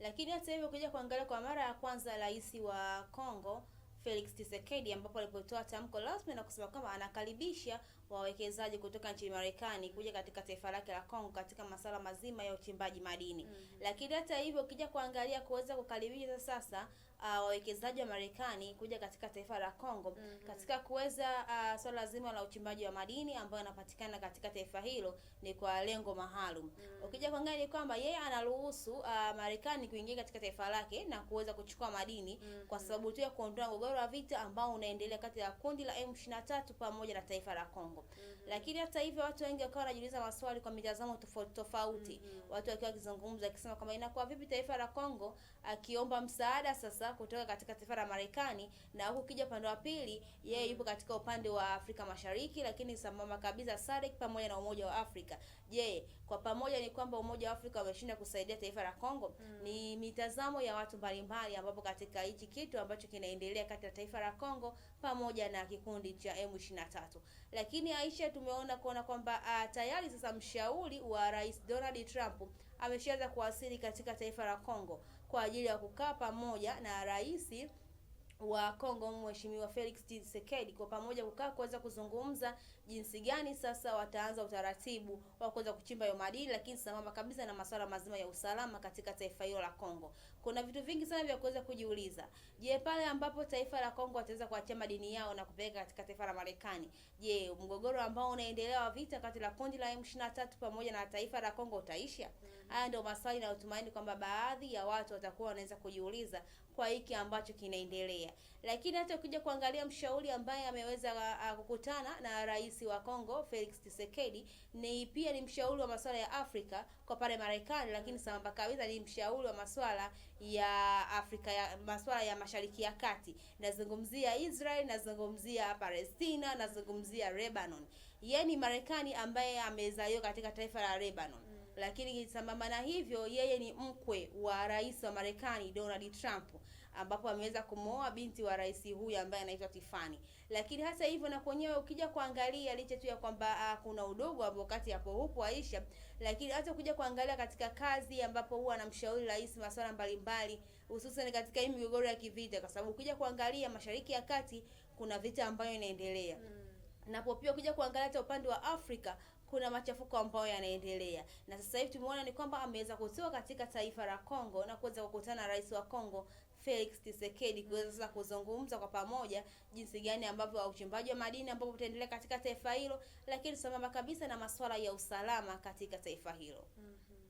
Lakini hata hivyo, ukija kuangalia kwa mara ya kwanza rais wa Kongo Felix Tshisekedi ambapo alipotoa tamko rasmi na kusema kwamba anakaribisha wawekezaji kutoka nchini Marekani kuja katika taifa lake la Kongo katika masuala mazima ya uchimbaji madini. Mm -hmm. Lakini hata hivyo ukija kuangalia kuweza kukaribisha sasa uh, wawekezaji wa Marekani kuja katika taifa la Kongo mm -hmm. katika kuweza uh, swala so zima la uchimbaji wa madini ambayo yanapatikana katika taifa hilo ni kwa lengo maalum mm -hmm. Ukija kuangalia ni kwamba yeye anaruhusu uh, Marekani kuingia katika taifa lake na kuweza kuchukua madini mm -hmm. kwa sababu tu ya kuondoa mgogoro wa vita ambao unaendelea kati ya kundi la M23 pamoja na taifa la Kongo mm -hmm. Lakini hata hivyo watu wengi wakawa wanajiuliza maswali kwa mitazamo tofauti tofauti mm -hmm. watu wakiwa wakizungumza akisema kwamba inakuwa vipi taifa la Kongo akiomba msaada sasa kutoka katika taifa la Marekani, na huku ukija upande wa pili, yeye yupo katika upande wa Afrika Mashariki, lakini sambamba kabisa SADC pamoja na Umoja wa Afrika. Je, kwa pamoja ni kwamba Umoja wa Afrika wameshinda kusaidia taifa la Kongo? Mm. Ni mitazamo ya watu mbalimbali, ambapo katika hichi kitu ambacho kinaendelea kati ya taifa la Kongo pamoja na kikundi cha M23. Lakini Aisha, tumeona kuona kwamba ah, tayari sasa mshauri wa Rais Donald Trump ameshaanza kuwasili katika taifa la Kongo kwa ajili ya kukaa pamoja na rais wa Kongo Mheshimiwa Felix Tshisekedi kwa pamoja kukaa kuweza kuzungumza jinsi gani sasa wataanza utaratibu wa kuweza kuchimba hiyo madini, lakini sambamba kabisa na masuala mazima ya usalama katika taifa hilo la Kongo. Kuna vitu vingi sana vya kuweza kujiuliza. Je, pale ambapo taifa la Kongo wataweza kuachia madini yao na kupeleka katika taifa la Marekani, je, mgogoro ambao unaendelea wa vita kati la kundi la M23 pamoja na taifa la Kongo utaisha? Mm. Haya ndio maswali na utumaini kwamba baadhi ya watu watakuwa wanaweza kujiuliza kwa hiki ambacho kinaendelea kuangalia. Lakini hata ukija kuangalia mshauri ambaye ameweza ah, kukutana na rais wa Kongo Felix Tshisekedi, ni pia ni mshauri wa masuala ya Afrika kwa pale Marekani, lakini sambamba kabisa ni mshauri wa masuala ya Afrika ya masuala ya Mashariki ya Kati. Nazungumzia Israel, nazungumzia Palestina, nazungumzia Lebanon. Yeye ni Marekani ambaye amezaliwa katika taifa la Lebanon. Mm. Lakini sambamba na hivyo, yeye ni mkwe wa rais wa Marekani Donald Trump ambapo ameweza kumooa binti wa rais huyu ambaye anaitwa Tiffany. Lakini hata hivyo na kwenyewe ukija kuangalia licha tu ya kwamba ah, kuna udogo hapo kati hapo hupo Aisha, lakini hata ukija kuangalia katika kazi ambapo huwa anamshauri rais masuala mbalimbali hususan katika hii migogoro ya kivita, kwa sababu ukija kuangalia Mashariki ya Kati kuna vita ambayo inaendelea mm. Napo pia ukija kuangalia hata upande wa Afrika kuna machafuko ambayo yanaendelea, na sasa hivi tumeona ni kwamba ameweza kutoka katika taifa la Kongo na kuweza kukutana na rais wa Kongo Felix Tshisekedi kuweza sasa kuzungumza kwa pamoja jinsi gani ambavyo uchimbaji wa madini ambao utaendelea katika taifa hilo, lakini sambamba kabisa na masuala ya usalama katika taifa hilo. mm -hmm.